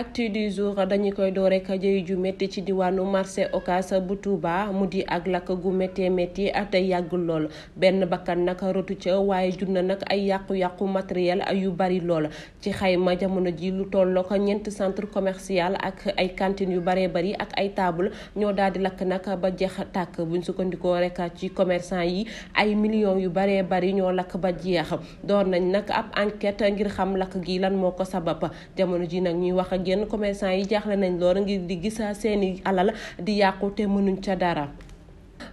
actu du jour dañu koy doo rek jëy ju métti ci diwaanu marché Ocass bu Touba mu di ak lakk gu méttee métti tey yàggul lool benn bakkan nag rotu ca waaye jur na nag ay yàqu-yàqu matériel yu bari lool ci xayma jamono ji lu tolloo ko ñeent centre commercial ak ay cantines yu baree bari ak ay table ñoo daal di lakk nag ba jeex tàkk buñ sukkandikoo rek ci commerçant yi ay millions yu baree bari ñoo lakk ba jeex door nañ nag ab enquête ngir xam lakk gi lan moo ko sabab jamono ji nag ñuy wax ak ngeen commerçant yi jaaxle nañ lool ngir di gisa seeni alal di yàqu te mënuñ ca dara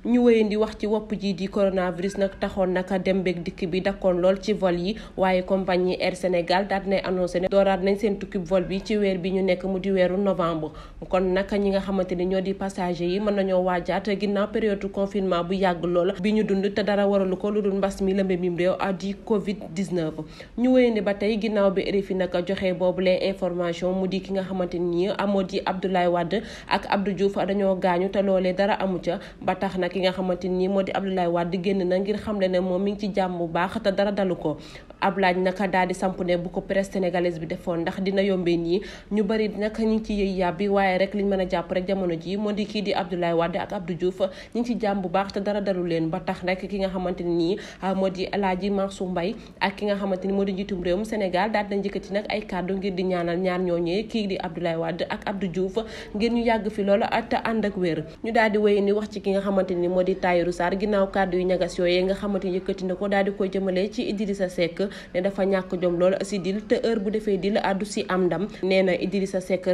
ñu wéyandi wax ci wopp ji di coronavirus nag taxoon naka dem beeg dikk bi dakkoon lool ci vol yi waaye compagnie Air Sénégal daal dinay annoncé ne dooraat nañ seen tukkib vol bi ci weer bi ñu nekk mu di weeru novembre kon naka ñi nga xamante ni ñoo di passager yi mën nañoo waajaat ginnaaw période confinement bu yàgg lool bi ñu dund te dara waralu ko lu dul mbas mi lëmbe mim réew a di covid 19 ñu wéyandi ba tey ginnaaw bi RFI naka joxe boobulee information mu di ki nga xamante ni amoo di Abdoulaye Wade ak Abdou Diouf dañoo gaañu te loolee dara amu ca ba tax na nag ki nga xamante ni moo di Abdoulaye Wade génn na dara dalu ko ab laaj naka daal di samp ne bu ko presse sénégalaise bi defoon ndax dina yombee nii ñu bëri nag ñu ngi ci yëy yàbbi waaye rek liñ mën a jàpp rek jamono ji moo di kii di Abdoulaye Wade ak Abdou Diouf ñu ngi ci jàmm bu baax te dara dalu leen ba tax rek ki nga xamante ni ah moo di El Hadji Mansour Mbaye ak ki nga xamante ni moo di njiitum réewum Sénégal daal dinañ njëkkati nag ay kàddu ngir di ñaanal ñaar ñooñee kii di Abdoulaye Wade ak Abdou Diouf ngir ñu yàgg fi loolu at ànd ak wér ñu daal di wax ci ki nga xamante ni moo di Tahirou Sarr ginnaaw kàddu yu ko daal di koy jëmale ci Idrissa Seck ne dafa ñàkk bu defee dil addu si am ndam nee na Idrissa Seck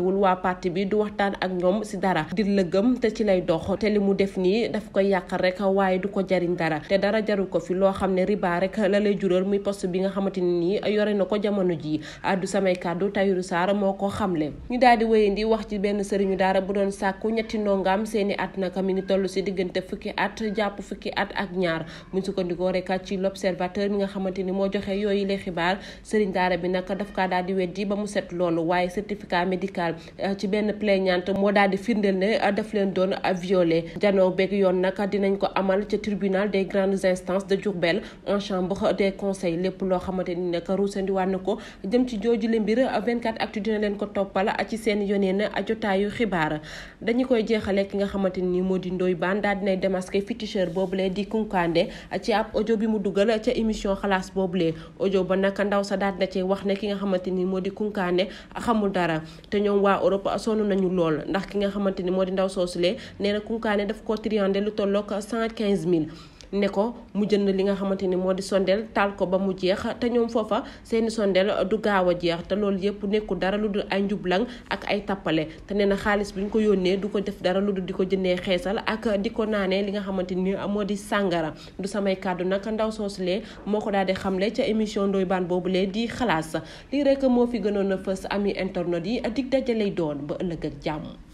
wul waa parti bi du waxtaan ak ñoom si dara dil la gëm te ci lay dox te li mu def nii daf koy yàqal rek waaye du ko jariñ dara te dara jaru ko fi loo xam ne riba rek la lay jural muy poste bi nga xamante ne nii yore na ko jamono jii addu samay kàddu Tahirou Sarr moo ko xamle ñu daal di wéyandi wax ci benn sëriñu daara bu doon sàkku ñetti ndongaam seeni at naka mi ngi toll si diggante fukki at jàpp fukki at ak ñaar buñ sukkandikoo rek ci l'observateur mi nga xamante ni moo joxe yooyu les xibaar sëriñ bi nag daf kaa daal di weddi ba mu set loolu waaye certificat médical eh, ci benn plaignante moo daal di firndeel ne eh, daf leen doon eh, violé janoo beeg yoon nag dinañ ko amal ca tribunal des grandes instances de Diourbel en chambre des conseils lépp loo xamante ni nag ruusandiwaat na ko jëm ci jooju le mbir 24 actu daal dinay démasqué boobu boobule di Kunkandé ci ab ojo bi mu dugal ca émission xalaas boobule ojo ba naka ndaw sa daal dina cee wax ne ki nga xamante ni moo di Kunkandé xamul dara te ñoom waa Europe sonn nañu lool ndax ki nga xamante ni moo di ndaw soosule nee na Kunkandé daf ko triandé lu tolloog cent quinze mille ne ko mu jënd li nga xamante ni moo di sondeel taal ko ba mu jeex te ñoom foofa seeni sondeel du gaaw a jeex te loolu yëpp nekkul dara lu dul ay njublang ak ay tappale te nee na xaalis bi ñu ko yónnee du ko def dara lu dul di ko jëndee xeesal ak di ko naanee li nga xamante ni moo di sàngara du samay kàddu naka ndaw soosulee moo ko daal di xamle ca émission ndoy baan boobulee di xalaas lii rek moo fi gënoon fës ami internet yi dig daje lay doon ba ëllëg ak jàmm